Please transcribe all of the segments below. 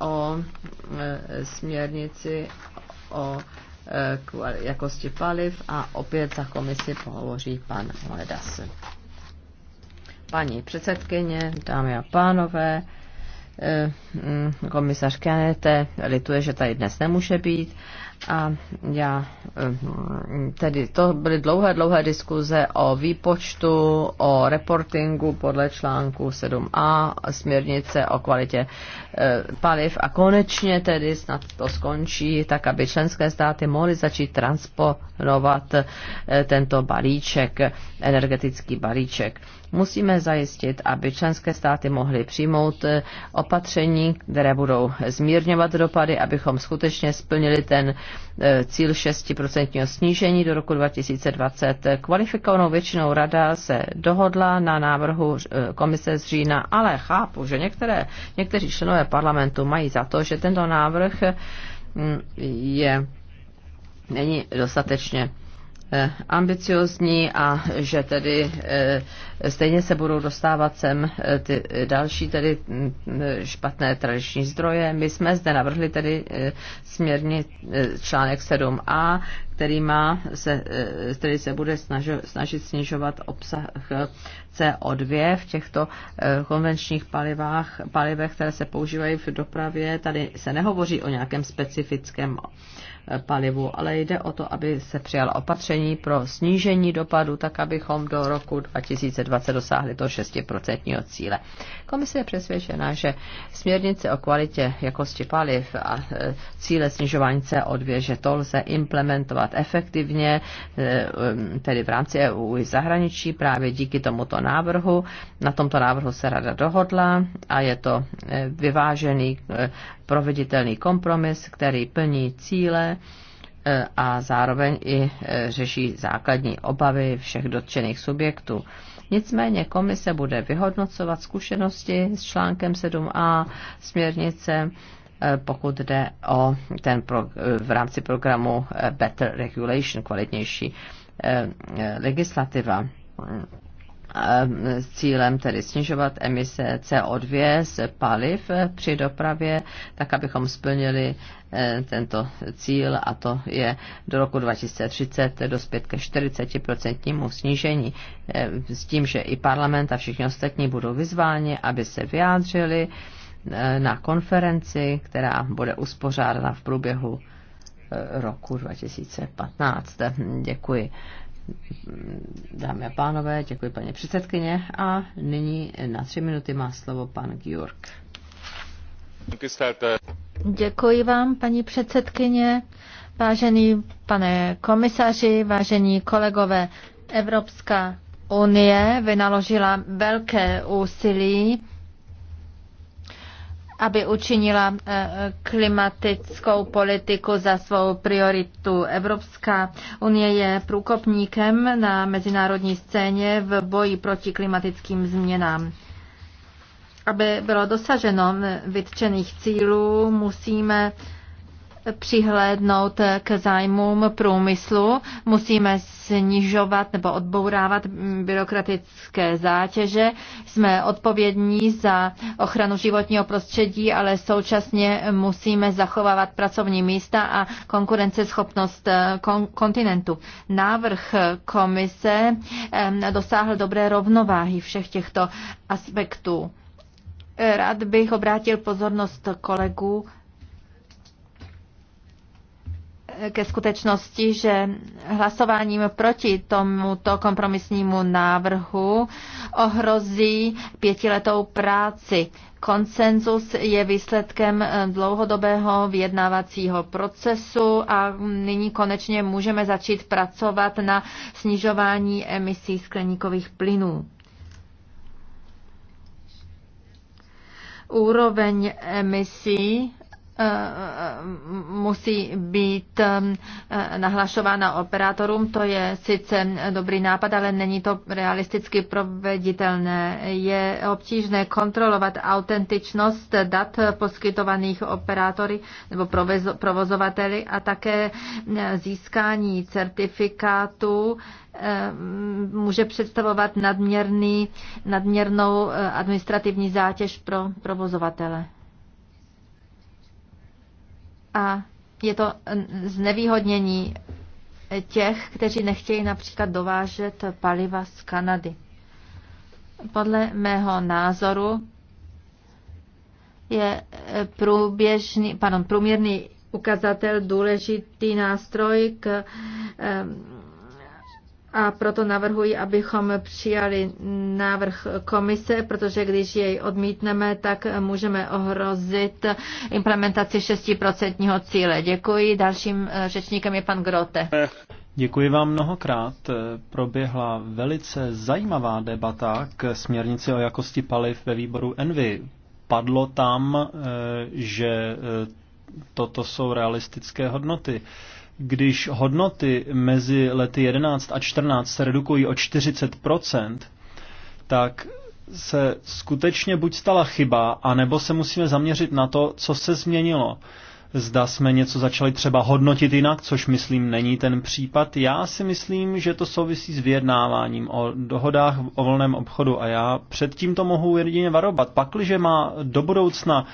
o e, směrnici o e, jakosti paliv a opět za komisi pohovoří pan Ledas. Paní předsedkyně, dámy a pánové, e, komisař Kenete lituje, že tady dnes nemůže být a já, eh, tedy to byly dlouhé, dlouhé diskuze o výpočtu, o reportingu podle článku 7a, směrnice o kvalitě eh, paliv a konečně tedy snad to skončí, tak aby členské státy mohly začít transponovat eh, tento balíček, energetický balíček musíme zajistit, aby členské státy mohly přijmout opatření, které budou zmírňovat dopady, abychom skutečně splnili ten Eh, cíl 6% snížení do roku 2020. Kvalifikovanou většinou rada se dohodla na návrhu eh, komise z října, ale chápu, že některé, někteří členové parlamentu mají za to, že tento návrh mm, je není dostatečně Eh, ambiciozní a že tedy eh, stejně se budou dostávat sem eh, ty další tedy mm, špatné tradiční zdroje. My jsme zde navrhli tedy směrně článek 7a, který má se, který se bude snažit, snižovat obsah CO2 v těchto konvenčních palivách, palivech, které se používají v dopravě. Tady se nehovoří o nějakém specifickém palivu, ale jde o to, aby se přijala opatření pro snížení dopadu, tak abychom do roku 2020 dosáhli toho 6% cíle. Komise je přesvědčena, že směrnice o kvalitě jakosti paliv a e, cíle snižování CO2, že to lze implementovat efektivně, e, tedy v rámci EU i zahraničí, právě díky tomuto návrhu. Na tomto návrhu se rada dohodla a je to e, vyvážený proveditelný kompromis, který plní cíle e, a zároveň i e, řeší základní obavy všech dotčených subjektů. Nicméně komise bude vyhodnocovat zkušenosti s článkem 7a směrnice, e, pokud jde o ten pro, v rámci programu Better Regulation, kvalitnější legislativa s cílem tedy snižovat emise CO2 z paliv eh, při dopravě, tak abychom splnili eh, tento cíl a to je do roku 2030 dospět ke 40% snížení. Eh, s tím, že i parlament a všichni ostatní budou vyzváni, aby se vyjádřili na konferenci, která bude uspořádána v průběhu roku 2015. Děkuji dámy a pánové, děkuji paní předsedkyně a nyní na tři minuty má slovo pan Georg. Děkuji vám, paní předsedkyně, vážený pane komisaři, vážení kolegové. Evropská unie vynaložila velké úsilí aby učinila eh, klimatickou politiku za svou prioritu. Evropská unie je průkopníkem na mezinárodní scéně v boji proti klimatickým změnám. Aby bylo dosaženo vytčených cílů, musíme přihlédnout k zájmům průmyslu, musíme snižovat nebo odbourávat byrokratické zátěže. Jsme odpovědní za ochranu životního prostředí, ale současně musíme zachovávat pracovní místa a konkurenceschopnost eh, kon- kontinentu. Návrh komise eh, dosáhl dobré rovnováhy všech těchto aspektů. Rád bych obrátil pozornost kolegů ke skutečnosti, že hlasováním proti tomuto kompromisnímu návrhu ohrozí pětiletou práci. Konsenzus je výsledkem dlouhodobého vyjednávacího procesu a nyní konečně můžeme začít pracovat na snižování emisí skleníkových plynů. Úroveň emisí musí být um, eh, nahlašována operátorům. To je sice dobrý nápad, ale není to realisticky proveditelné. Je obtížné kontrolovat autentičnost dat poskytovaných operátory nebo provozovateli a také eh, získání certifikátu eh, může představovat nadměrný, nadměrnou administrativní zátěž pro provozovatele a je to znevýhodnění těch, kteří nechtějí například dovážet paliva z Kanady. Podle mého názoru je průběžný, pardon, průměrný ukazatel důležitý nástroj k a proto navrhuji, abychom přijali návrh komise, protože když jej odmítneme, tak můžeme ohrozit implementaci 6% cíle. Děkuji. Dalším eh, řečníkem je pan Grote. Děkuji vám mnohokrát. Proběhla velice zajímavá debata k směrnici o jakosti paliv ve výboru Envy. Padlo tam, eh, že eh, toto jsou realistické hodnoty. Když hodnoty mezi lety 11 a 14 se redukují o 40%, tak se skutečně buď stala chyba, anebo se musíme zaměřit na to, co se změnilo. Zda jsme něco začali třeba hodnotit jinak, což myslím není ten případ. Já si myslím, že to souvisí s vyjednáváním o dohodách o volném obchodu a já předtím to mohu jedině varovat. Pakliže má do budoucna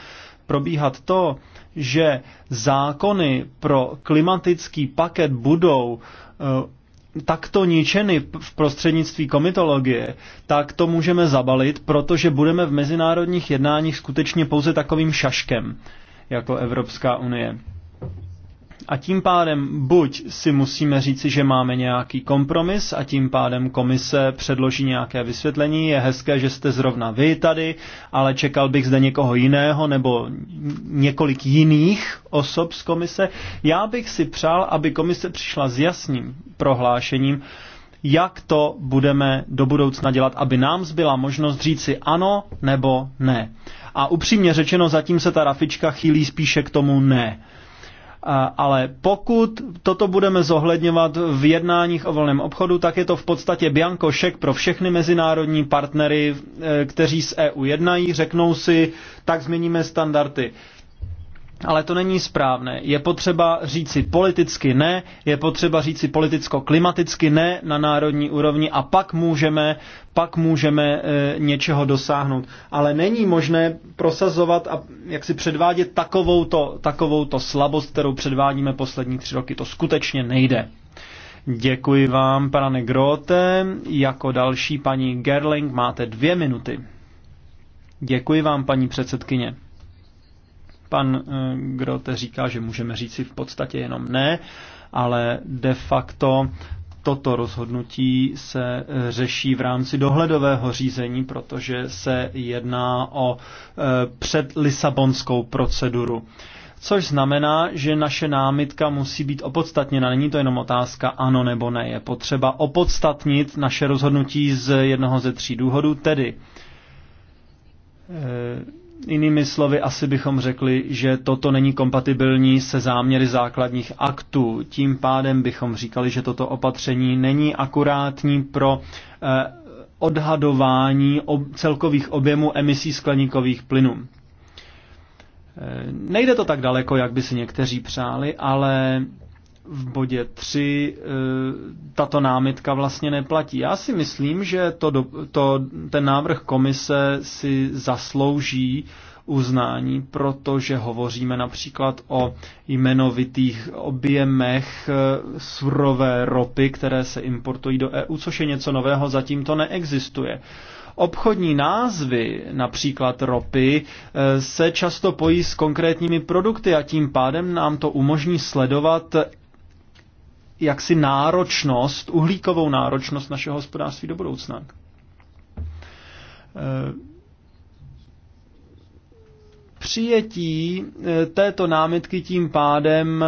probíhat to, že zákony pro klimatický paket budou eh, takto ničeny v prostřednictví komitologie, tak to můžeme zabalit, protože budeme v mezinárodních jednáních skutečně pouze takovým šaškem jako Evropská unie. A tím pádem buď si musíme říci, že máme nějaký kompromis a tím pádem komise předloží nějaké vysvětlení. Je hezké, že jste zrovna vy tady, ale čekal bych zde někoho jiného nebo několik jiných osob z komise. Já bych si přál, aby komise přišla s jasným prohlášením, jak to budeme do budoucna dělat, aby nám zbyla možnost říci ano nebo ne. A upřímně řečeno, zatím se ta rafička chýlí spíše k tomu ne Eh, ale pokud toto budeme zohledňovat v jednáních o volném obchodu, tak je to v podstatě bianko šek pro všechny mezinárodní partnery, eh, kteří s EU jednají, řeknou si, tak změníme standardy ale to není správné. Je potřeba říci politicky ne, je potřeba říci politicko-klimaticky ne na národní úrovni a pak můžeme, pak můžeme e, něčeho dosáhnout. Ale není možné prosazovat a jak si předvádět takovouto, takovouto slabost, kterou předvádíme poslední tři roky. To skutečně nejde. Děkuji vám, pane Grote. Jako další paní Gerling máte dvě minuty. Děkuji vám, paní předsedkyně. Pan eh, Grote říká, že můžeme říci v podstatě jenom ne, ale de facto toto rozhodnutí se eh, řeší v rámci dohledového řízení, protože se jedná o eh, předlisabonskou proceduru. Což znamená, že naše námitka musí být opodstatněna. Není to jenom otázka ano nebo ne. Je potřeba opodstatnit naše rozhodnutí z jednoho ze tří důvodů, tedy Jinými slovy, asi bychom řekli, že toto není kompatibilní se záměry základních aktů. Tím pádem bychom říkali, že toto opatření není akurátní pro eh, odhadování celkových objemů emisí skleníkových plynů. Eh, nejde to tak daleko, jak by si někteří přáli, ale v bodě 3 eh, tato námitka vlastně neplatí. Já si myslím, že to, to, ten návrh komise si zaslouží uznání, protože hovoříme například o jmenovitých objemech eh, surové ropy, které se importují do EU, což je něco nového, zatím to neexistuje. Obchodní názvy, například ropy, eh, se často pojí s konkrétními produkty a tím pádem nám to umožní sledovat jaksi náročnost, uhlíkovou náročnost našeho hospodářství do budoucna. E, přijetí e, této námitky tím pádem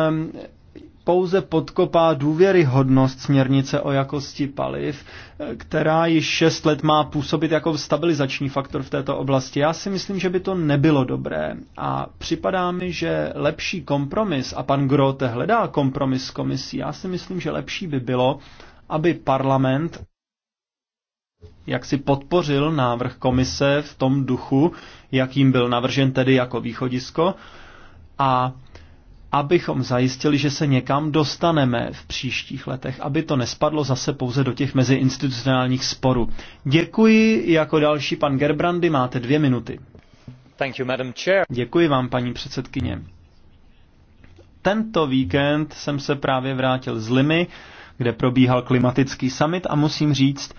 pouze podkopá důvěryhodnost směrnice o jakosti paliv, která již šest let má působit jako stabilizační faktor v této oblasti. Já si myslím, že by to nebylo dobré. A připadá mi, že lepší kompromis, a pan Grote hledá kompromis s komisí, já si myslím, že lepší by bylo, aby parlament jak si podpořil návrh komise v tom duchu, jakým byl navržen tedy jako východisko, a abychom zajistili, že se někam dostaneme v příštích letech, aby to nespadlo zase pouze do těch meziinstitucionálních sporů. Děkuji jako další pan Gerbrandy, máte dvě minuty. Thank you, Madam Chair. Děkuji vám, paní předsedkyně. Tento víkend jsem se právě vrátil z Limy, kde probíhal klimatický summit a musím říct,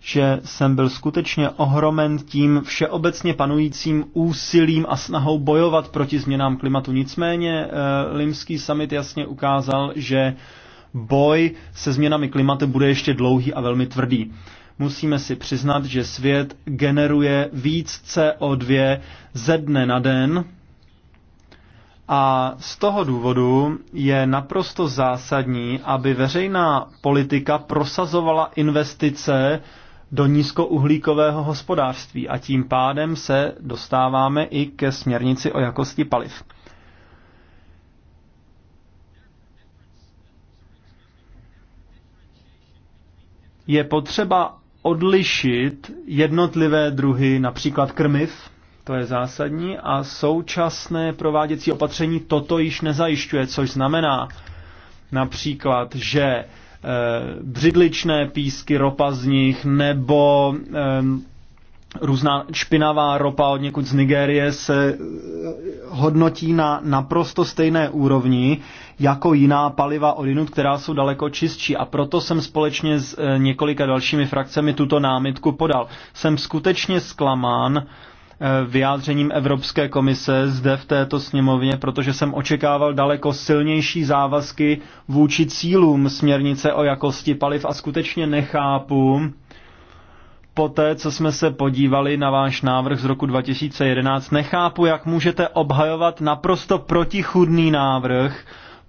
že jsem byl skutečně ohromen tím všeobecně panujícím úsilím a snahou bojovat proti změnám klimatu. Nicméně eh, Limský summit jasně ukázal, že boj se změnami klimatu bude ještě dlouhý a velmi tvrdý. Musíme si přiznat, že svět generuje víc CO2 ze dne na den, a z toho důvodu je naprosto zásadní, aby veřejná politika prosazovala investice do nízkouhlíkového hospodářství a tím pádem se dostáváme i ke směrnici o jakosti paliv. Je potřeba odlišit jednotlivé druhy, například krmiv, to je zásadní, a současné prováděcí opatření toto již nezajišťuje, což znamená například, že Eh, břidličné písky, ropa z nich, nebo eh, různá špinavá ropa od někud z Nigérie se eh, hodnotí na naprosto stejné úrovni jako jiná paliva jinut, která jsou daleko čistší. A proto jsem společně s několika dalšími frakcemi tuto námitku podal. Jsem skutečně zklamán Eh, vyjádřením Evropské komise zde v této sněmovně, protože jsem očekával daleko silnější závazky vůči cílům směrnice o jakosti paliv a skutečně nechápu, poté, co jsme se podívali na váš návrh z roku 2011, nechápu, jak můžete obhajovat naprosto protichudný návrh,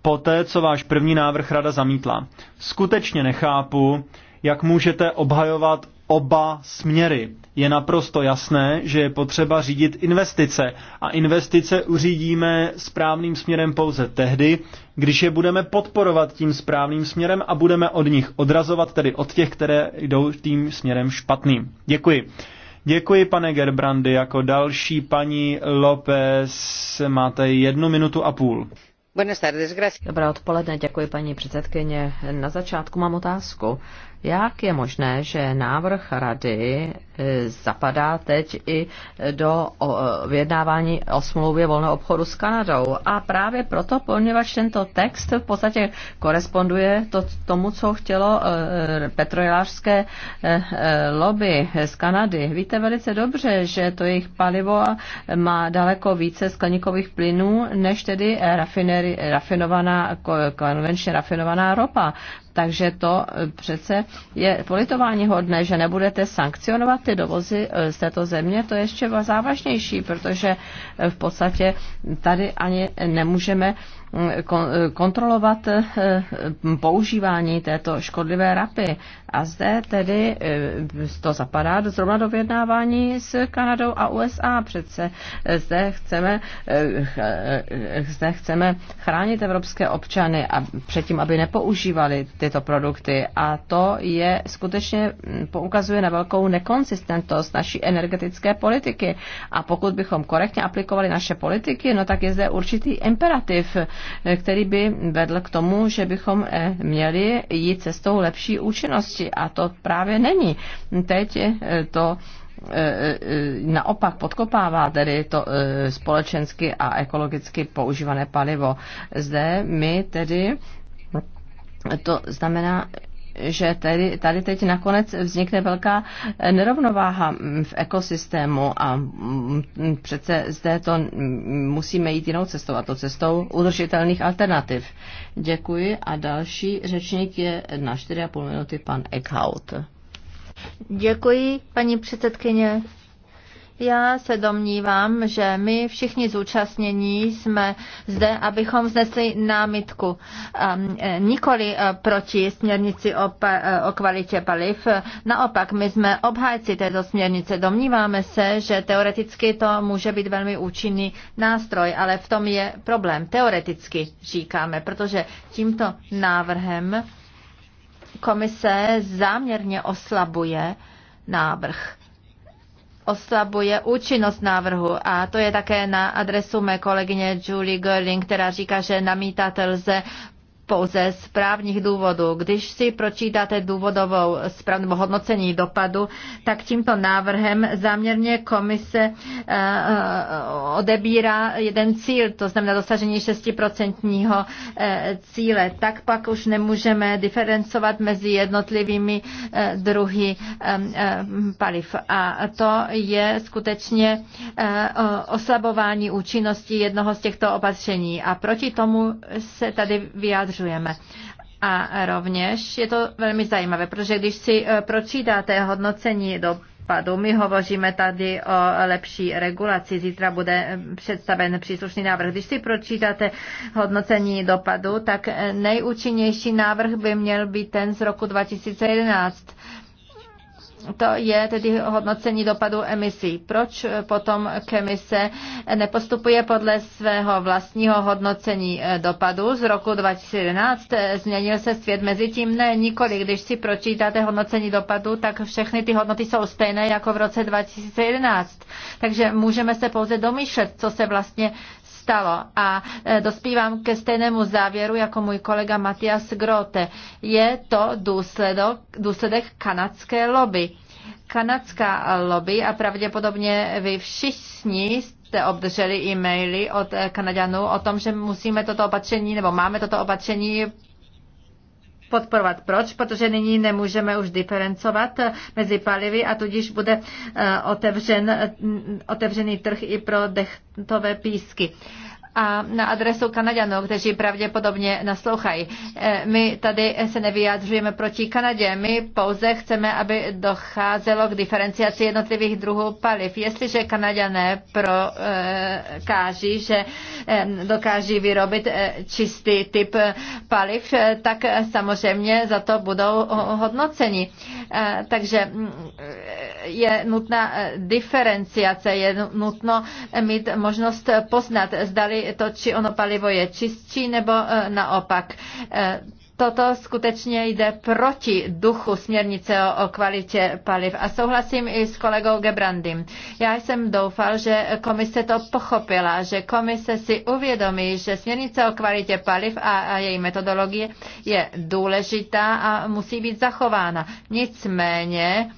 poté, co váš první návrh rada zamítla. Skutečně nechápu, jak můžete obhajovat oba směry. Je naprosto jasné, že je potřeba řídit investice a investice uřídíme správným směrem pouze tehdy, když je budeme podporovat tím správným směrem a budeme od nich odrazovat, tedy od těch, které jdou tím směrem špatným. Děkuji. Děkuji, pane Gerbrandy. Jako další paní López máte jednu minutu a půl. Dobré odpoledne, děkuji paní předsedkyně. Na začátku mám otázku. Jak je možné, že návrh rady e, zapadá teď i do e, vyjednávání o smlouvě volného obchodu s Kanadou? A právě proto, poněvadž tento text v podstatě koresponduje to, tomu, co chtělo e, petrojelářské lobby z Kanady. Víte velice dobře, že to jejich palivo má daleko více skleníkových plynů, než tedy rafinovaná, konvenčně rafinovaná ropa. Takže to eh, přece je politování hodné, že nebudete sankcionovat ty dovozy eh, z této země, to je ještě závažnější, protože eh, v podstatě tady ani nemůžeme mm, kontrolovat používání této škodlivé rapy. A zde tedy to zapadá zrovna do vyjednávání s Kanadou a USA. Přece zde chceme, zde chceme chránit evropské občany a předtím, aby nepoužívali tyto produkty. A to je skutečně mm, poukazuje na velkou nekonsistentnost naší energetické politiky. A pokud bychom korektně aplikovali naše politiky, no tak je zde určitý imperativ, eh, který by vedl k tomu, že bychom eh, měli jít cestou lepší účinnosti. A to právě není. Teď eh, to naopak podkopává tedy to společensky a ekologicky používané palivo. Zde my tedy to znamená, že tady, tady teď nakonec vznikne velká nerovnováha v ekosystému a mm, přece zde to musíme jít jinou cestou a to cestou udržitelných alternativ. Děkuji a další řečník je na 4,5 minuty pan Eckhout. Děkuji, paní předsedkyně. Já se domnívám, že my všichni zúčastnění jsme zde, abychom vznesli námitku um, eh, nikoli eh, proti směrnici o, eh, o kvalitě paliv. Naopak, my jsme obhájci této směrnice. Domníváme se, že teoreticky to může být velmi účinný nástroj, ale v tom je problém. Teoreticky říkáme, protože tímto návrhem komise záměrně oslabuje návrh oslabuje účinnost návrhu. A to je také na adresu mé kolegyně Julie Görling, která říká, že namítat lze pouze z právních důvodů. Když si pročítáte důvodovou správnou nebo hodnocení dopadu, tak tímto návrhem záměrně komise eh, eh, odebírá jeden cíl, to znamená dosažení 6% eh, cíle. Tak pak už nemůžeme diferencovat mezi jednotlivými druhy paliv. A to je skutečně oslabování účinnosti jednoho z těchto opatření. A proti tomu se tady vyjádřuje považujeme. A rovněž je to velmi zajímavé, protože když si e, pročítáte hodnocení do My hovoříme tady o lepší regulaci. Zítra bude e, představen příslušný návrh. Když si pročítáte hodnocení dopadu, tak e, nejúčinnější návrh by měl být ten z roku 2011 to je tedy hodnocení dopadu emisí. Proč potom komise nepostupuje podle svého vlastního hodnocení eh, dopadu z roku 2011? Eh, změnil se svět mezi tím? Ne, nikoli. Když si pročítáte hodnocení dopadu, tak všechny ty hodnoty jsou stejné jako v roce 2011. Takže můžeme se pouze domýšlet, co se vlastně stalo. A e, dospívám ke stejnému závěru jako můj kolega Matias Grote. Je to důsledok, důsledek kanadské lobby. Kanadská lobby a pravděpodobně vy všichni jste obdrželi e-maily od e, Kanaďanů o tom, že musíme toto opatření nebo máme toto opatření podporovat. Proč? Protože nyní nemůžeme už diferencovat mezi palivy a tudíž bude eh, otevřen, mm, otevřený trh i pro dechtové písky a na adresu Kanaďanů, kteří pravděpodobně naslouchají. E, my tady se nevyjádřujeme proti Kanadě, my pouze chceme, aby docházelo k diferenciaci jednotlivých druhů paliv. Jestliže Kanaďané prokáží, e, že e, dokáží vyrobit čistý typ paliv, tak samozřejmě za to budou hodnoceni. Takže je nutná eh, diferenciace, je nutno eh, mít možnost poznat, zdali to či ono palivo je čistší nebo eh, naopak toto skutečně jde proti duchu směrnice o, o kvalitě paliv. A souhlasím i s kolegou Gebrandym. Já jsem doufal, že komise to pochopila, že komise si uvědomí, že směrnice o kvalitě paliv a, a její metodologie je důležitá a musí být zachována. Nicméně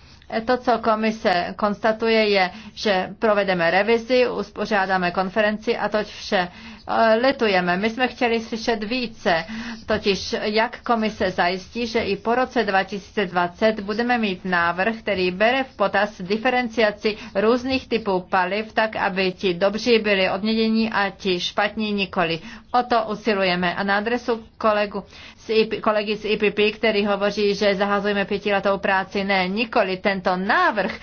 to, co komise konstatuje, je, že provedeme revizi, uspořádáme konferenci a toť vše. Eh, litujeme. My jsme chtěli slyšet více, totiž jak komise zajistí, že i po roce 2020 budeme mít návrh, který bere v potaz diferenciaci různých typů paliv, tak aby ti dobří byli odměněni a ti špatní nikoli. O to usilujeme. A na adresu kolegu z IP, kolegy z IPP, který hovoří, že zahazujeme pětiletou práci, ne, nikoli tento návrh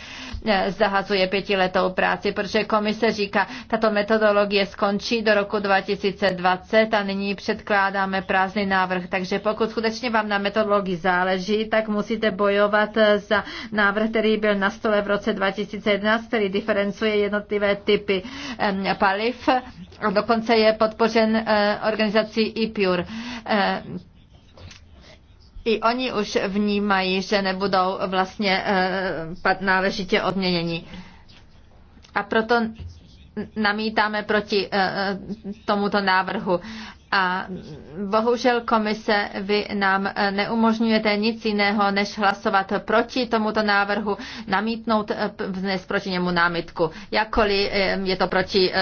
eh, zahazuje pětiletou práci, protože komise říká, tato metodologie skončí do roku 20 2020 a nyní předkládáme prázdný návrh. Takže pokud skutečně vám na metodologii záleží, tak musíte bojovat za návrh, který byl na stole v roce 2011, který diferencuje jednotlivé typy paliv. Dokonce je podpořen eh, organizací IPUR. Eh, I oni už vnímají, že nebudou vlastně eh, náležitě odměněni. A proto namítáme proti eh, eh, tomuto návrhu. A bohužel komise, vy nám eh, neumožňujete nic jiného, než hlasovat proti tomuto návrhu, namítnout dnes proti němu námitku. Jakkoliv je to proti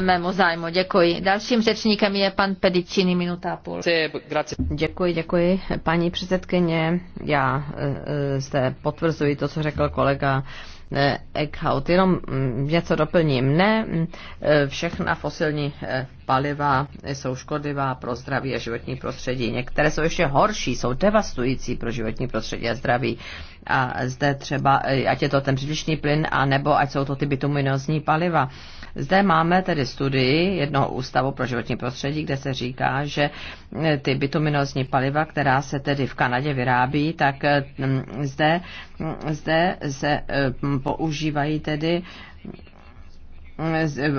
mému zájmu. Děkuji. Dalším řečníkem je pan Pedicini, minuta a půl. Děkuji, děkuji. Paní předsedkyně, já zde potvrzuji to, co řekl kolega E, Eckhout. Jenom mm, něco doplním. Ne, mm, e, všechna fosilní e, paliva jsou škodlivá pro zdraví a životní prostředí. Některé jsou ještě horší, jsou devastující pro životní prostředí a zdraví. A zde třeba, eh, ať je to ten břidličný plyn, a nebo ať jsou to ty bituminozní paliva. Zde máme tedy studii jednoho ústavu pro životní prostředí, kde se říká, že eh, ty bituminozní paliva, která se tedy v Kanadě vyrábí, tak eh, zde, mm, zde se používají tedy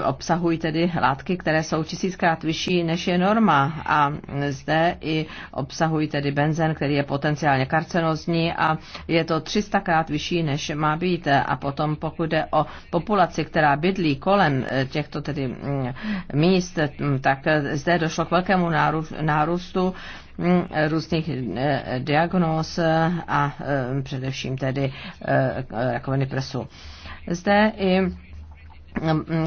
obsahují tedy látky, které jsou tisíckrát vyšší než je norma a zde i obsahují tedy benzen, který je potenciálně karcenozní a je to 300 krát vyšší než má být a potom pokud jde o populaci, která bydlí kolem eh, těchto tedy mm, míst, mm, tak zde došlo k velkému nárůstu mm, různých eh, diagnóz a eh, především tedy rakoviny prsu. Zde i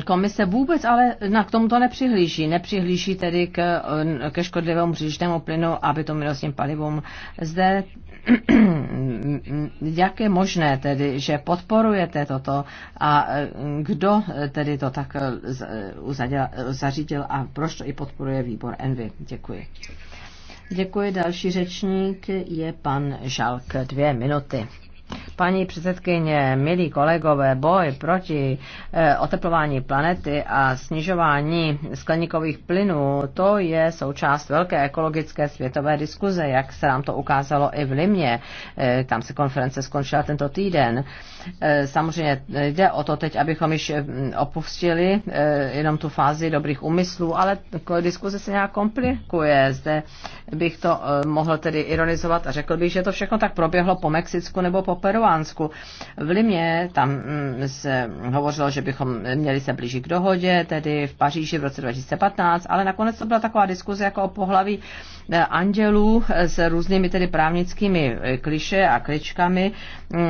komise vůbec ale na k tomuto nepřihlíží. Nepřihlíží tedy k, ke škodlivému břišnému plynu a bytominosním palivům. Zde jak je možné tedy, že podporujete toto a kdo tedy to tak eh, eh, zařídil a proč to i podporuje výbor Envy? Děkuji. Děkuji. Další řečník je pan Žalk. Dvě minuty. Paní předsedkyně, milí kolegové, boj proti eh, oteplování planety a snižování skleníkových plynů, to je součást velké ekologické světové diskuze, jak se nám to ukázalo i v Limě. Eh, tam se konference skončila tento týden. Eh, samozřejmě jde o to teď, abychom již hm, opustili jenom tu fázi dobrých úmyslů, ale diskuze se nějak komplikuje. Zde bych to mohl tedy ironizovat a řekl bych, že to všechno tak proběhlo po Mexicku nebo po Peruánsku. V Limě tam mm, se hovořilo, že bychom měli se blížit k dohodě, tedy v Paříži v roce 2015, ale nakonec to byla taková diskuze jako o pohlaví Eh, andělů eh, s různými tedy právnickými eh, kliše a kličkami mm,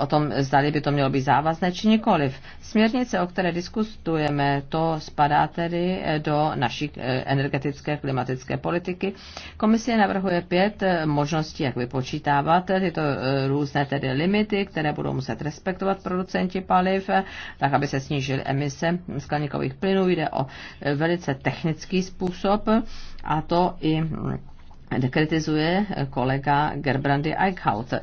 o tom, zdali by to mělo být závazné či nikoliv. Směrnice, o které diskutujeme, to spadá tedy do naší energetické klimatické politiky. Komise navrhuje pět možností, jak vypočítávat tyto různé tedy limity, které budou muset respektovat producenti paliv, tak aby se snížily emise skleníkových plynů. Jde o velice technický způsob, a to i kritizuje kolega Gerbrandy Eichhout.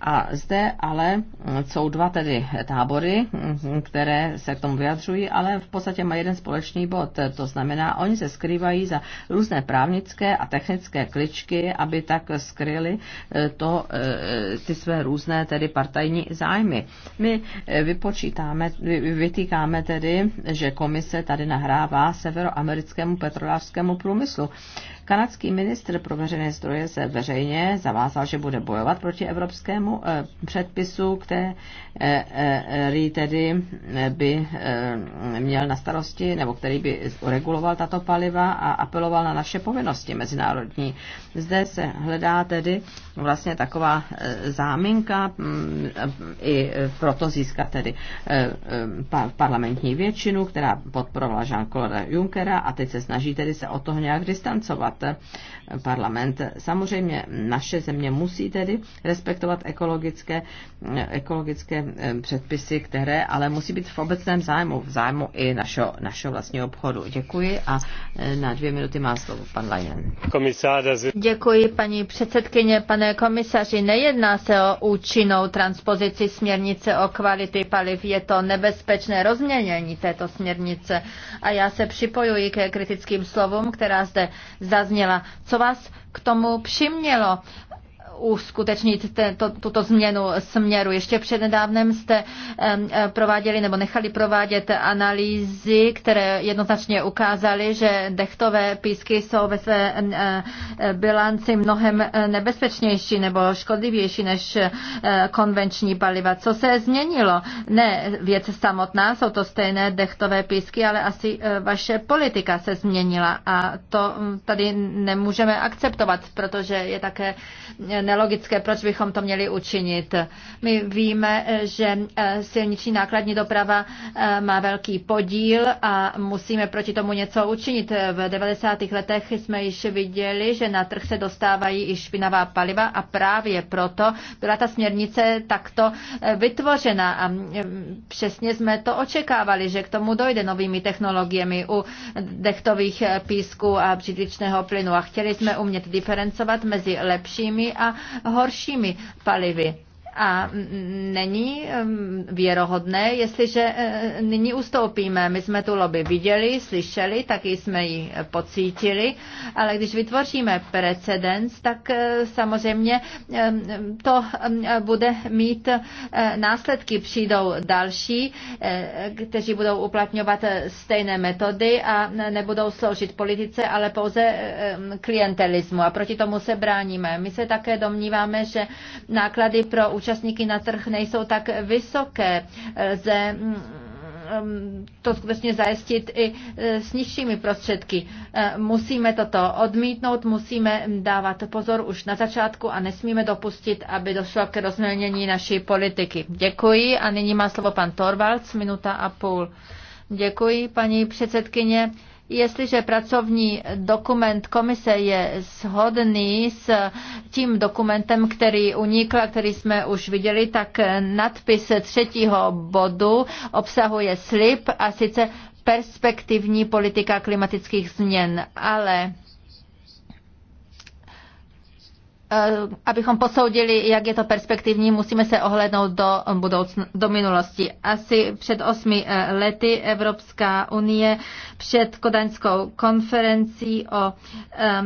A zde ale eh, jsou dva tedy tábory, hm, které se k tomu vyjadřují, ale v podstatě mají jeden společný bod. To znamená, oni se skrývají za různé právnické a technické kličky, aby tak skryli eh, to, eh, ty své různé tedy partajní zájmy. My vypočítáme, vytýkáme tedy, že komise tady nahrává severoamerickému petrolářskému průmyslu. Kanadský ministr pro veřejné zdroje se veřejně zavázal, že bude bojovat proti evropskému eh, předpisu, eh, eh, který tedy by měl na starosti, nebo který by reguloval tato paliva a apeloval na naše povinnosti mezinárodní. Zde se hledá tedy vlastně taková záminka mm, i proto získat tedy parlamentní většinu, která podporovala Jean-Claude Junckera a teď se snaží tedy se o toho nějak distancovat parlament. Samozřejmě naše země musí tedy respektovat ekologické, ekologické eh, předpisy, které ale musí být v obecném zájmu, v zájmu i našeho, našeho vlastního obchodu. Děkuji a eh, na dvě minuty má slovo pan Leinen. Děkuji paní předsedkyně, pane komisaři. Nejedná se o účinnou transpozici směrnice o kvality paliv. Je to nebezpečné rozměnění této směrnice. A já se připojuji ke kritickým slovům, která zde zaznamená zazněla. Co vás k tomu přimělo? uskutečnit to, tuto změnu směru. Ještě přednedávnem jste eh, prováděli nebo nechali provádět analýzy, které jednoznačně ukázaly, že dechtové písky jsou ve své eh, bilanci mnohem eh, nebezpečnější nebo škodlivější než konvenční paliva. Co se změnilo? Ne věc samotná, jsou to stejné dechtové písky, ale asi vaše politika se změnila a to mm, tady nemůžeme akceptovat, protože je také ne nelogické, proč bychom to měli učinit. My víme, že eh, silniční nákladní doprava eh, má velký podíl a musíme proti tomu něco učinit. V 90. letech jsme již viděli, že na trh se dostávají i špinavá paliva a právě proto byla ta směrnice takto eh, vytvořena a mm, přesně jsme to očekávali, že k tomu dojde novými technologiemi u dechtových písků a břidličného plynu a chtěli jsme umět diferencovat mezi lepšími a horšími palivy. A není věrohodné, jestliže e, e, nyní ustoupíme. My jsme tu lobby viděli, slyšeli, taky jsme ji pocítili, ale když vytvoříme precedens, tak e, samozřejmě to bude mít následky. Přijdou další, kteří budou uplatňovat stejné metody a nebudou sloužit politice, ale pouze klientelismu. A proti tomu se bráníme. My se také domníváme, že náklady pro účastníky na trh nejsou tak vysoké. Lze mm, mm, to skutečně zajistit i eh, s nižšími prostředky. Eh, musíme toto odmítnout, musíme dávat pozor už na začátku a nesmíme dopustit, aby došlo k rozmělnění naší politiky. Děkuji a nyní má slovo pan Torvalds, minuta a půl. Děkuji, paní předsedkyně. Jestliže pracovní dokument komise je shodný s tím dokumentem, který unikl a který jsme už viděli, tak nadpis třetího bodu obsahuje slib a sice perspektivní politika klimatických změn. Ale Eh, abychom posoudili, jak je to perspektivní, musíme se ohlednout do, budoucn- do minulosti. Asi před osmi eh, lety Evropská unie před kodaňskou konferencí o eh,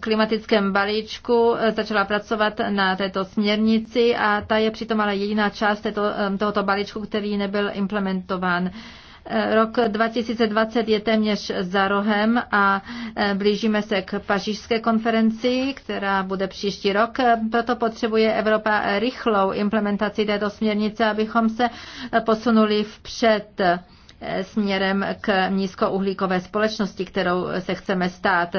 klimatickém balíčku začala pracovat na této směrnici a ta je přitom ale jediná část této, tohoto balíčku, který nebyl implementován. Rok 2020 je téměř za rohem a e, blížíme se k pařížské konferenci, která bude příští rok. Proto potřebuje Evropa rychlou implementaci této směrnice, abychom se posunuli vpřed e, směrem k nízkouhlíkové společnosti, kterou se chceme stát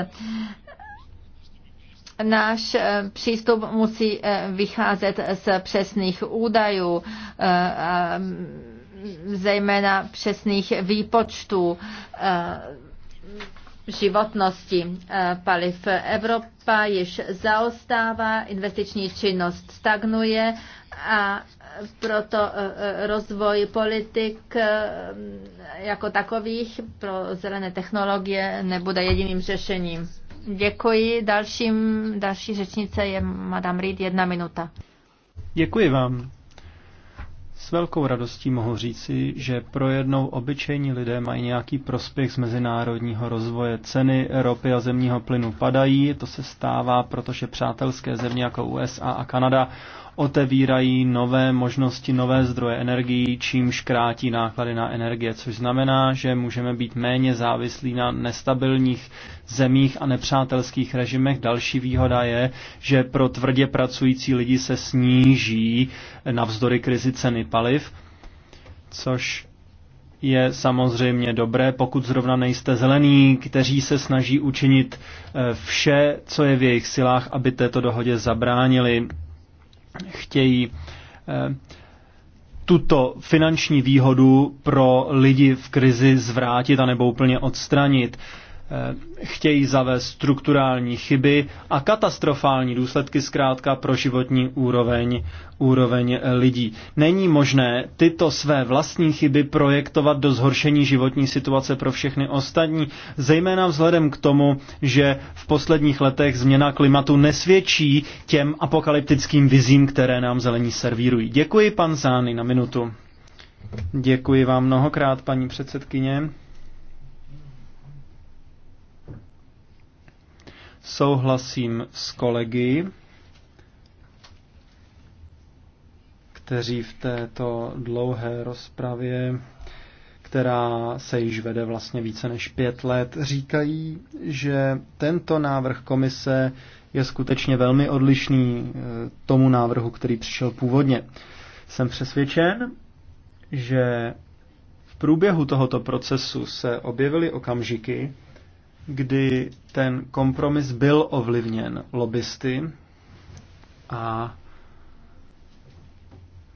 náš e, přístup musí vycházet z přesných údajů zejména přesných výpočtů eh, životnosti eh, paliv. Evropa již zaostává, investiční činnost stagnuje a proto eh, rozvoj politik jako takových pro zelené technologie nebude jediným řešením. Děkuji. Dalším, další řečnice je Madame Reed, jedna minuta. Děkuji vám. S velkou radostí mohu říci, že pro jednou obyčejní lidé mají nějaký prospěch z mezinárodního rozvoje. Ceny ropy a zemního plynu padají, to se stává, protože přátelské země jako USA a Kanada otevírají nové možnosti, nové zdroje energií, čímž krátí náklady na energie, což znamená, že můžeme být méně závislí na nestabilních zemích a nepřátelských režimech. Další výhoda je, že pro tvrdě pracující lidi se sníží navzdory krizi ceny paliv, což je samozřejmě dobré, pokud zrovna nejste zelení, kteří se snaží učinit eh, vše, co je v jejich silách, aby této dohodě zabránili chtějí eh, tuto finanční výhodu pro lidi v krizi zvrátit a nebo úplně odstranit. Eh, chtějí zavést strukturální chyby a katastrofální důsledky zkrátka pro životní úroveň, úroveň lidí. Není možné tyto své vlastní chyby projektovat do zhoršení životní situace pro všechny ostatní, zejména vzhledem k tomu, že v posledních letech změna klimatu nesvědčí těm apokalyptickým vizím, které nám zelení servírují. Děkuji, pan Zány, na minutu. Děkuji vám mnohokrát, paní předsedkyně. Souhlasím s kolegy, kteří v této dlouhé rozpravě, která se již vede vlastně více než pět let, říkají, že tento návrh komise je skutečně velmi odlišný eh, tomu návrhu, který přišel původně. Jsem přesvědčen, že v průběhu tohoto procesu se objevily okamžiky, kdy ten kompromis byl ovlivněn lobbysty a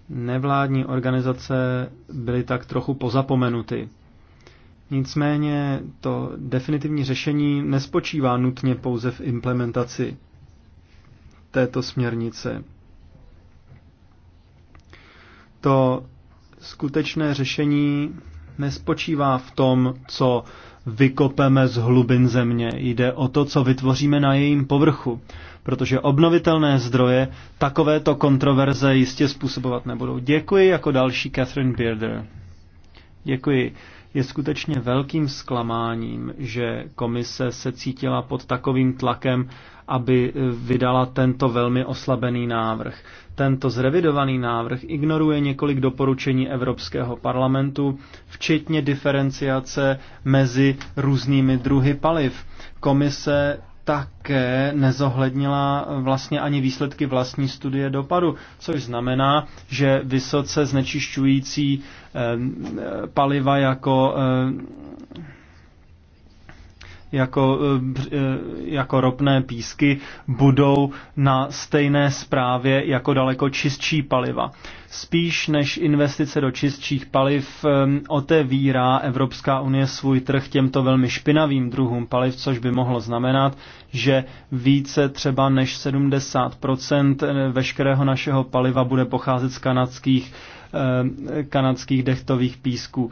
nevládní organizace byly tak trochu pozapomenuty. Nicméně to definitivní řešení nespočívá nutně pouze v implementaci této směrnice. To skutečné řešení nespočívá v tom, co vykopeme z hlubin země. Jde o to, co vytvoříme na jejím povrchu. Protože obnovitelné zdroje takovéto kontroverze jistě způsobovat nebudou. Děkuji jako další Catherine Bearder. Děkuji. Je skutečně velkým zklamáním, že komise se cítila pod takovým tlakem, aby eh, vydala tento velmi oslabený návrh. Tento zrevidovaný návrh ignoruje několik doporučení Evropského parlamentu, včetně diferenciace mezi různými druhy paliv. Komise také nezohlednila vlastně ani výsledky vlastní studie dopadu, což znamená, že vysoce znečišťující eh, eh, paliva jako eh, jako, eh, eh, jako ropné písky budou na stejné správě jako daleko čistší paliva. Spíš než investice do čistších paliv eh, otevírá Evropská unie svůj trh těmto velmi špinavým druhům paliv, což by mohlo znamenat, že více třeba než 70% veškerého našeho paliva bude pocházet z kanadských, kanadských dechtových písků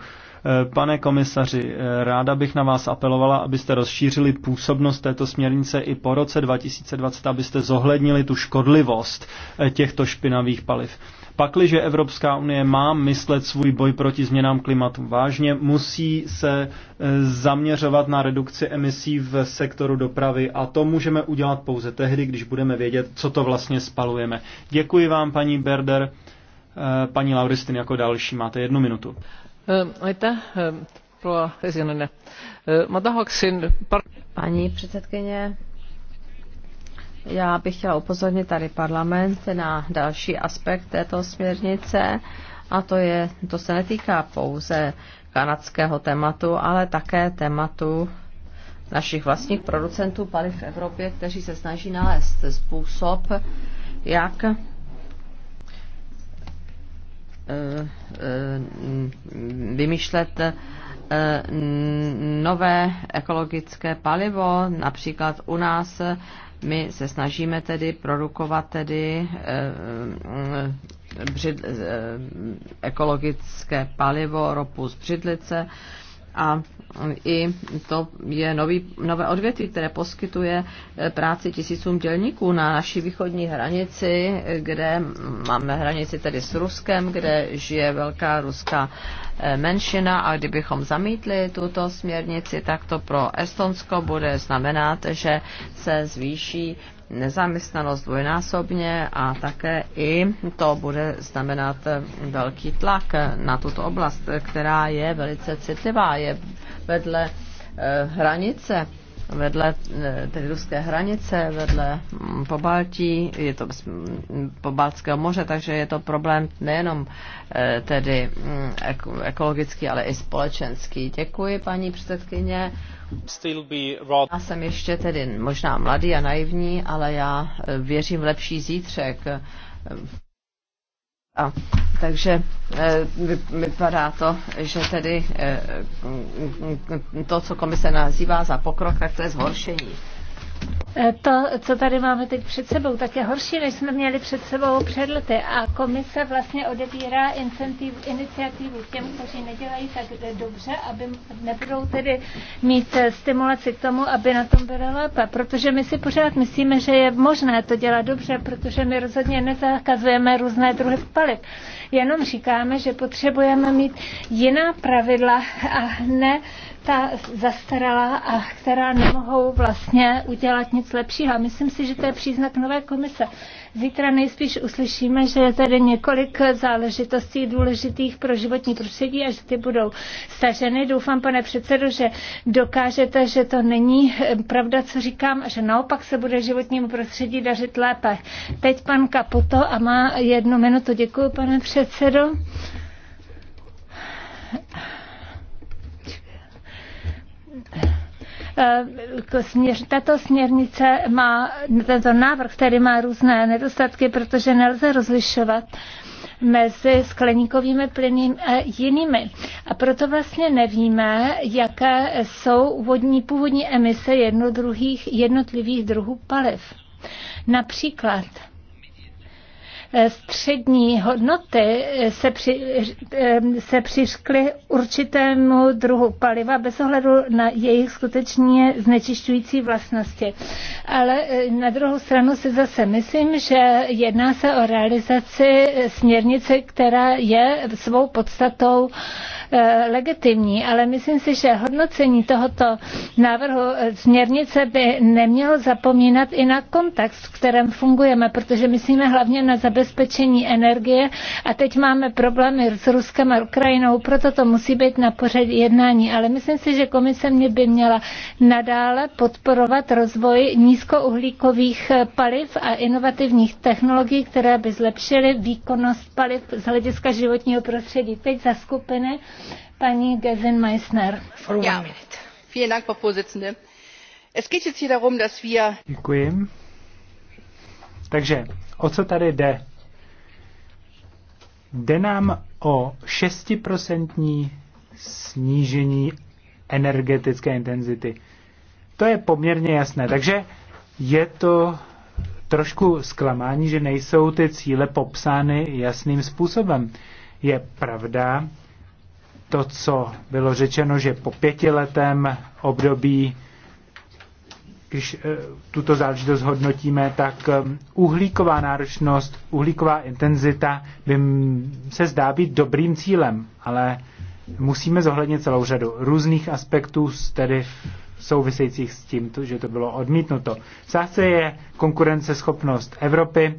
Pane komisaři, ráda bych na vás apelovala, abyste rozšířili působnost této směrnice i po roce 2020, abyste zohlednili tu škodlivost eh, těchto špinavých paliv. Pakliže Evropská unie má myslet svůj boj proti změnám klimatu vážně, musí se eh, zaměřovat na redukci emisí v sektoru dopravy a to můžeme udělat pouze tehdy, když budeme vědět, co to vlastně spalujeme. Děkuji vám, paní Berder. Eh, paní Lauristin jako další, máte jednu minutu. Eh, eh, eh, Paní předsedkyně, já bych chtěla upozornit tady parlament na další aspekt této směrnice a to, je, to se netýká pouze kanadského tématu, ale také tématu našich vlastních producentů paliv v Evropě, kteří se snaží nalézt způsob, jak Eh, eh, vymýšlet eh, nové ekologické palivo. Například u nás my se snažíme tedy produkovat tedy ekologické palivo, ropu z břidlice a i to je nový, nové odvětví, které poskytuje eh, práci tisícům dělníků na naší východní hranici, kde máme hranici tedy s Ruskem, kde žije velká ruská eh, menšina a kdybychom zamítli tuto směrnici, tak to pro Estonsko bude znamenat, že se zvýší nezaměstnanost dvojnásobně a také i to bude znamenat velký tlak na tuto oblast, která je velice citlivá, je vedle eh, hranice vedle eh, tedy ruské hranice, vedle mm, Baltí, je to mm, Baltského moře, takže je to problém nejenom eh, tedy mm, ekologický, ale i společenský. Děkuji, paní předsedkyně. Já jsem ještě tedy možná mladý a naivní, ale já eh, věřím v lepší zítřek. A, takže eh, vypadá to, že tedy eh, to, co komise nazývá za pokrok, tak to je zhoršení. Eh, to, co tady máme teď před sebou, tak je horší, než jsme měli před sebou před lety. A komise vlastně odebírá incentiv, iniciativu těm, kteří nedělají tak dobře, aby nebudou tedy mít eh, stimulaci k tomu, aby na tom bylo lépe. Protože my si pořád myslíme, že je možné to dělat dobře, protože my rozhodně nezakazujeme různé druhy paliv. Jenom říkáme, že potřebujeme mít jiná pravidla a ne uh, ta zastarala a která nemohou vlastně udělat nic lepšího. Myslím si, že to je příznak nové komise. Zítra nejspíš uslyšíme, že je tady několik záležitostí důležitých pro životní prostředí a že ty budou staženy. Doufám, pane předsedo, že dokážete, že to není eh, pravda, co říkám, a že naopak se bude životnímu prostředí dařit lépe. Teď pan Kaputo a má jednu minutu. Děkuji, pane předsedo. Eh, tato směrnice má, tento návrh, který má různé nedostatky, protože nelze rozlišovat mezi skleníkovými plyny a jinými. A proto vlastně nevíme, jaké jsou úvodní, původní emise jednotlivých druhů paliv. Například Eh, střední hodnoty eh, se, při, eh, se přiškly určitému druhu paliva bez ohledu na jejich skutečně znečišťující vlastnosti. Ale na druhou stranu si zase myslím, že jedná se o realizaci směrnice, která je svou podstatou Eh, legitimní, ale myslím si, že hodnocení tohoto návrhu eh, směrnice by nemělo zapomínat i na kontext, v kterém fungujeme, protože myslíme hlavně na zabezpečení energie a teď máme problémy s Ruskem a Ukrajinou, proto to musí být na pořadí jednání. Ale myslím si, že komise mě by měla nadále podporovat rozvoj nízkouhlíkových eh, paliv a inovativních technologií, které by zlepšily výkonnost paliv z hlediska životního prostředí. Teď za skupiny Paní Gesine Meissner. Ja. Vielen Dank, Frau Vorsitzende. Es geht jetzt hier darum, dass wir... Děkuji. Takže, o co tady jde? Jde nám o 6% snížení energetické intenzity. To je poměrně jasné. Takže je to trošku zklamání, že nejsou ty cíle popsány jasným způsobem. Je pravda, to, co bylo řečeno, že po pětiletém období, když eh, tuto záležitost hodnotíme, tak eh, uhlíková náročnost, uhlíková intenzita by se zdá být dobrým cílem, ale musíme zohlednit celou řadu různých aspektů, tedy souvisejících s tím, že to bylo odmítnuto. V je konkurenceschopnost Evropy,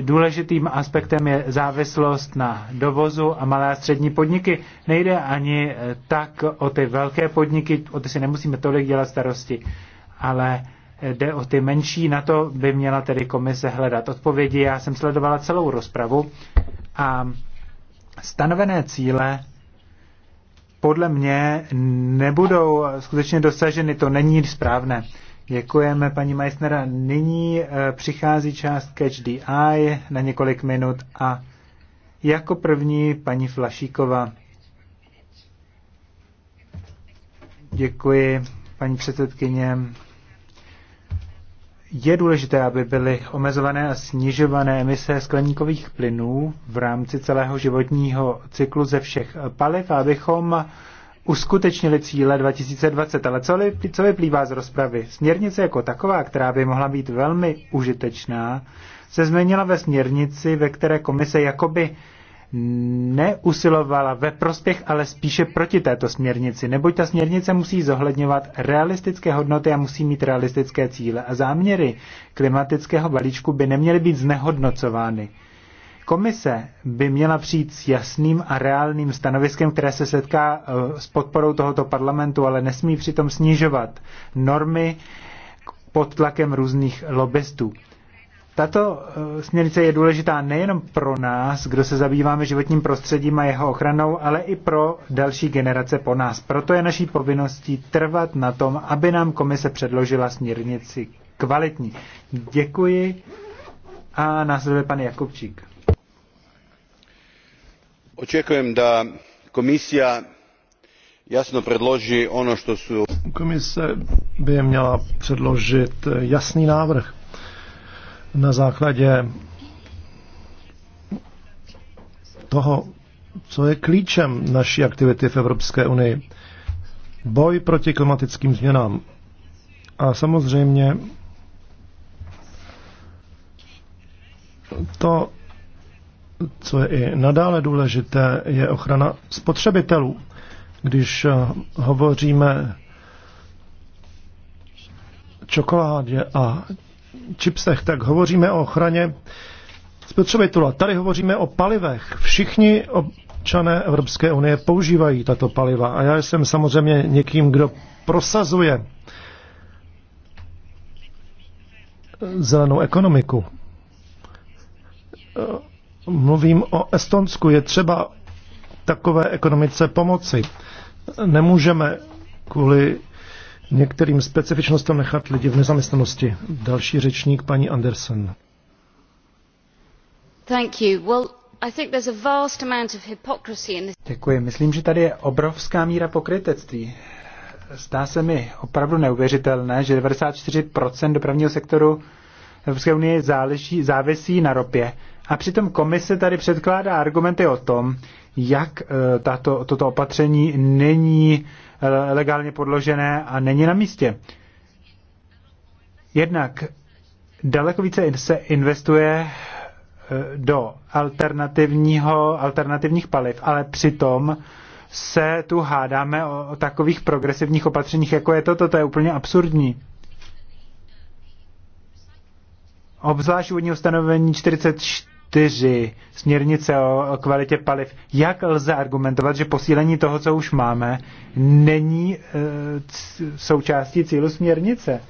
Důležitým aspektem je závislost na dovozu a malé a střední podniky. Nejde ani eh, tak o ty velké podniky, o ty si nemusíme tolik dělat starosti, ale eh, jde o ty menší, na to by měla tedy komise hledat odpovědi. Já jsem sledovala celou rozpravu a stanovené cíle podle mě nebudou skutečně dosaženy, to není správné. Děkujeme, paní Meissnera. Nyní eh, přichází část Catch the Eye na několik minut a jako první paní Flašíková. Děkuji, paní předsedkyně. Je důležité, aby byly omezovány a snižované emise skleníkových plynů v rámci celého životního cyklu ze všech paliv, abychom uskutečnili cíle 2020. Ale co, li, co vyplývá z rozpravy? Směrnice jako taková, která by mohla být velmi užitečná, se změnila ve směrnici, ve které komise jakoby neusilovala ve prospěch, ale spíše proti této směrnici, neboť ta směrnice musí zohledňovat realistické hodnoty a musí mít realistické cíle a záměry klimatického balíčku by neměly být znehodnocovány. Komise by měla přijít s jasným a reálným stanoviskem, které se setká eh, s podporou tohoto parlamentu, ale nesmí přitom snižovat normy pod tlakem různých lobbystů. Tato eh, směrnice je důležitá nejenom pro nás, kdo se zabýváme životním prostředím a jeho ochranou, ale i pro další generace po nás. Proto je naší povinností trvat na tom, aby nám komise předložila směrnici kvalitní. Děkuji a následuje pan Jakubčík očekujem da komisija jasno předloží ono što su. komise by měla předložit jasný návrh na základě toho, co je klíčem naší aktivity v Evropské unii. Boj proti klimatickým změnám. A samozřejmě to co je i nadále důležité, je ochrana spotřebitelů. Když eh, hovoříme čokoládě a čipsech, tak hovoříme o ochraně spotřebitelů. A tady hovoříme o palivech. Všichni občané Evropské unie používají tato paliva. A já jsem samozřejmě někým, kdo prosazuje zelenou ekonomiku mluvím o Estonsku, je třeba takové ekonomice pomoci. Nemůžeme kvůli některým specifičnostem nechat lidi v nezaměstnanosti. Další řečník, paní Andersen. Thank you. Well, I think there's a vast amount of hypocrisy in this. Děkuji. Myslím, že tady je obrovská míra pokrytectví. Zdá se mi opravdu neuvěřitelné, že 94% dopravního sektoru Evropské unie záleží, závisí na ropě a přitom komise tady předkládá argumenty o tom, jak eh, tato, toto opatření není eh, legálně podložené a není na místě. Jednak daleko více se investuje eh, do alternativního, alternativních paliv, ale přitom se tu hádáme o takových progresivních opatřeních, jako je toto, to je úplně absurdní. Obzvlášť úvodní ustanovení 44 4 směrnice o kvalitě paliv, jak lze argumentovat, že posílení toho, co už máme, není e, součástí cílu směrnice?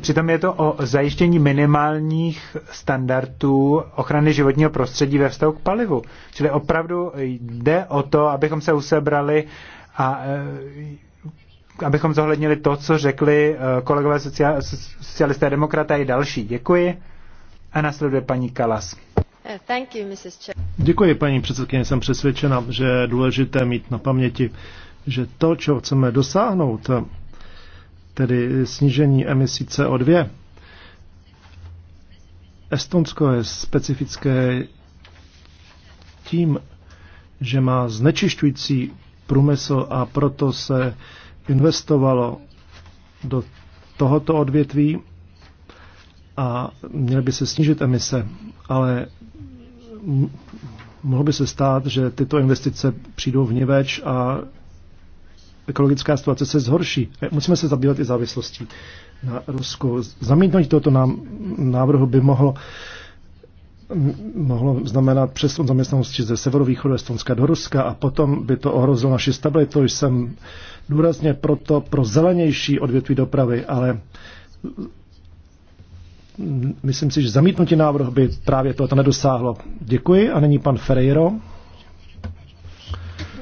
Přitom je to o zajištění minimálních standardů ochrany životního prostředí ve vztahu k palivu. Čili opravdu jde o to, abychom se usebrali a e, abychom zohlednili to, co řekli e, kolegové socialisté demokraté i další. Děkuji. A nasleduje paní Kalas. Děkuji, paní předsedkyně. Jsem přesvědčena, že je důležité mít na paměti, že to, čeho chceme dosáhnout, tedy snížení emisí CO2, Estonsko je specifické tím, že má znečišťující průmysl a proto se investovalo do tohoto odvětví a měly by se snížit emise, ale mohlo by se stát, že tyto investice přijdou v něveč a ekologická situace se zhorší. Musíme se zabývat i závislostí na Rusku. Zamítnutí tohoto návrhu by mohlo, mohlo znamenat přesun zaměstnanosti ze severovýchodu Estonska do Ruska a potom by to ohrozilo naši stabilitu. Jsem důrazně proto pro zelenější odvětví dopravy, ale myslím si, že zamítnutí návrhu by právě tohoto nedosáhlo. Děkuji a není pan Ferreiro.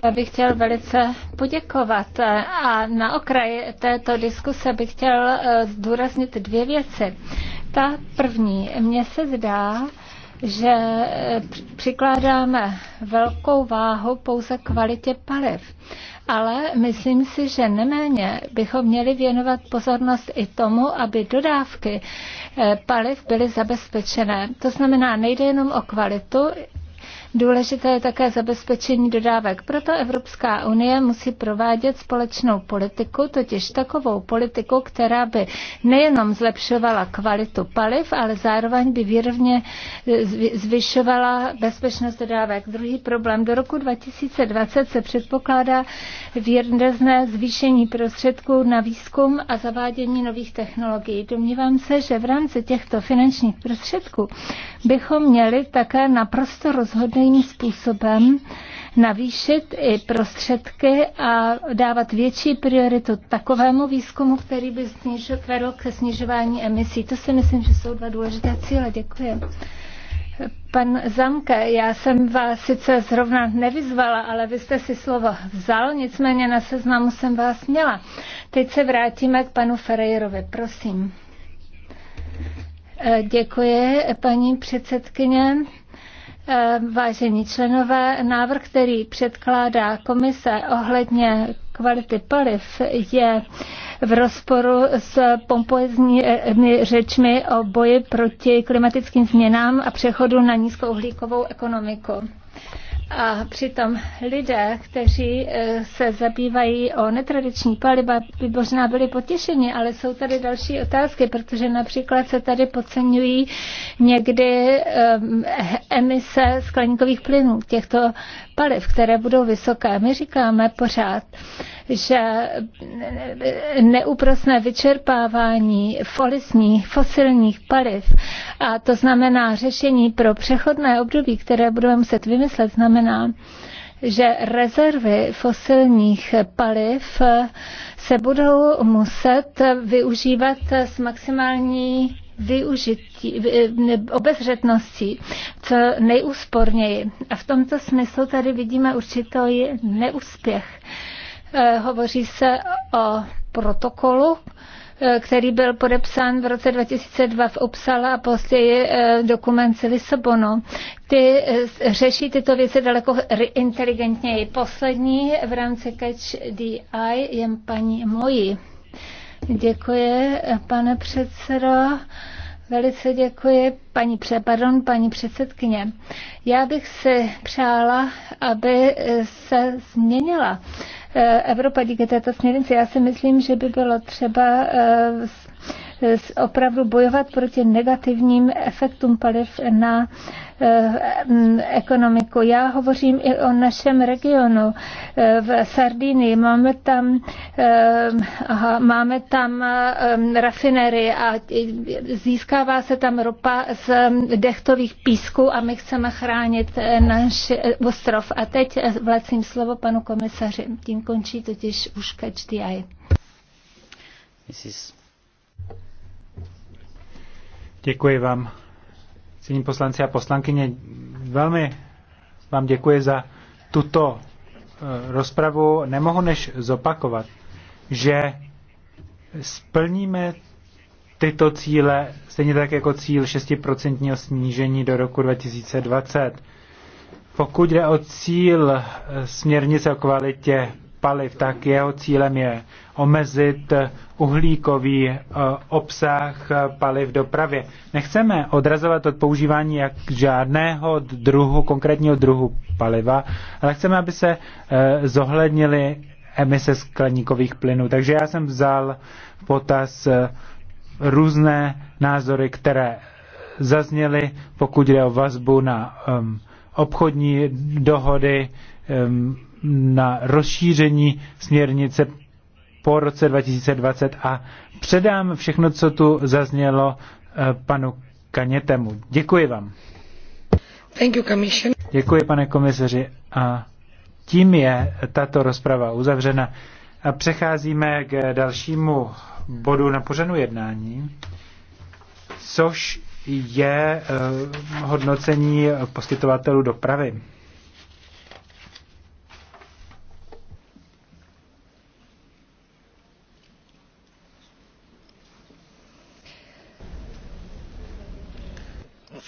Já bych chtěl velice poděkovat a na okraji této diskuse bych chtěl eh, zdůraznit dvě věci. Ta první, mně se zdá, že eh, přikládáme velkou váhu pouze kvalitě paliv ale myslím si, že neméně bychom měli věnovat pozornost i tomu, aby dodávky eh, paliv byly zabezpečené. To znamená, nejde jenom o kvalitu, Důležité je také zabezpečení dodávek. Proto Evropská unie musí provádět společnou politiku, totiž takovou politiku, která by nejenom zlepšovala kvalitu paliv, ale zároveň by výrovně eh, zvyšovala bezpečnost dodávek. Druhý problém. Do roku 2020 se předpokládá výrazné zvýšení prostředků na výzkum a zavádění nových technologií. Domnívám se, že v rámci těchto finančních prostředků bychom měli také naprosto rozhodně stejným způsobem navýšit i prostředky a dávat větší prioritu takovému výzkumu, který by snižo, vedl ke snižování emisí. To si myslím, že jsou dva důležité cíle. Děkuji. Pan Zamke, já jsem vás sice zrovna nevyzvala, ale vy jste si slovo vzal, nicméně na seznamu jsem vás měla. Teď se vrátíme k panu Ferejerovi, prosím. Děkuji, paní předsedkyně. Eh, vážení členové, návrh, který předkládá komise ohledně kvality paliv, je v rozporu s pompozními eh, řečmi o boji proti klimatickým změnám a přechodu na nízkouhlíkovou ekonomiku. A přitom lidé, kteří eh, se zabývají o netradiční paliva, by možná byli potěšeni, ale jsou tady další otázky, protože například se tady podceňují někdy eh, emise skleníkových plynů těchto paliv, které budou vysoké. My říkáme pořád, že neúprosné vyčerpávání folisních, fosilních paliv a to znamená řešení pro přechodné období, které budeme muset vymyslet, znamená, že rezervy fosilních paliv se budou muset využívat s maximální využití, eh, obezřetnosti, co nejúsporněji. A v tomto smyslu tady vidíme určitý neúspěch. Eh, hovoří se o protokolu, eh, který byl podepsán v roce 2002 v Uppsala a později dokument z Lisabonu. Ty řeší tyto věci daleko inteligentněji. Poslední v rámci Catch DI je paní Moji. Děkuji, pane předsedo. Velice děkuji, paní, pardon, paní předsedkyně. Já bych si přála, aby se změnila eh, Evropa díky této směrnici. Já si myslím, že by bylo třeba eh, opravdu bojovat proti negativním efektům paliv na Eh, ekonomiku. Já hovořím i o našem regionu eh, v Sardinii. Máme tam, eh, aha, máme tam rafinery a získává se tam ropa z dechtových písků a my chceme chránit náš ostrov. A teď vlacím slovo panu komisaři. Tím končí totiž už catch the eye. Děkuji vám Cení poslanci a poslankyně, velmi vám děkuji za tuto eh, rozpravu. Nemohu než zopakovat, že splníme tyto cíle, stejně tak jako cíl 6% snížení do roku 2020. Pokud jde o cíl eh, směrnice o kvalitě paliv, tak jeho cílem je omezit uhlíkový eh, obsah eh, paliv v dopravě. Nechceme odrazovat od používání jak žádného druhu, konkrétního druhu paliva, ale chceme, aby se eh, zohlednili emise skleníkových plynů. Takže já jsem vzal v potaz různé názory, které zazněly, pokud jde o vazbu na um, obchodní dohody, um, na rozšíření směrnice po roce 2020 a předám všechno, co tu zaznělo eh, panu Kanětemu. Děkuji vám. Thank you, commission. Děkuji, pane komisaři. A tím je tato rozprava uzavřena. A přecházíme k dalšímu bodu na pořadu jednání, což je eh, hodnocení poskytovatelů dopravy.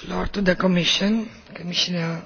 lord of the commission commissioner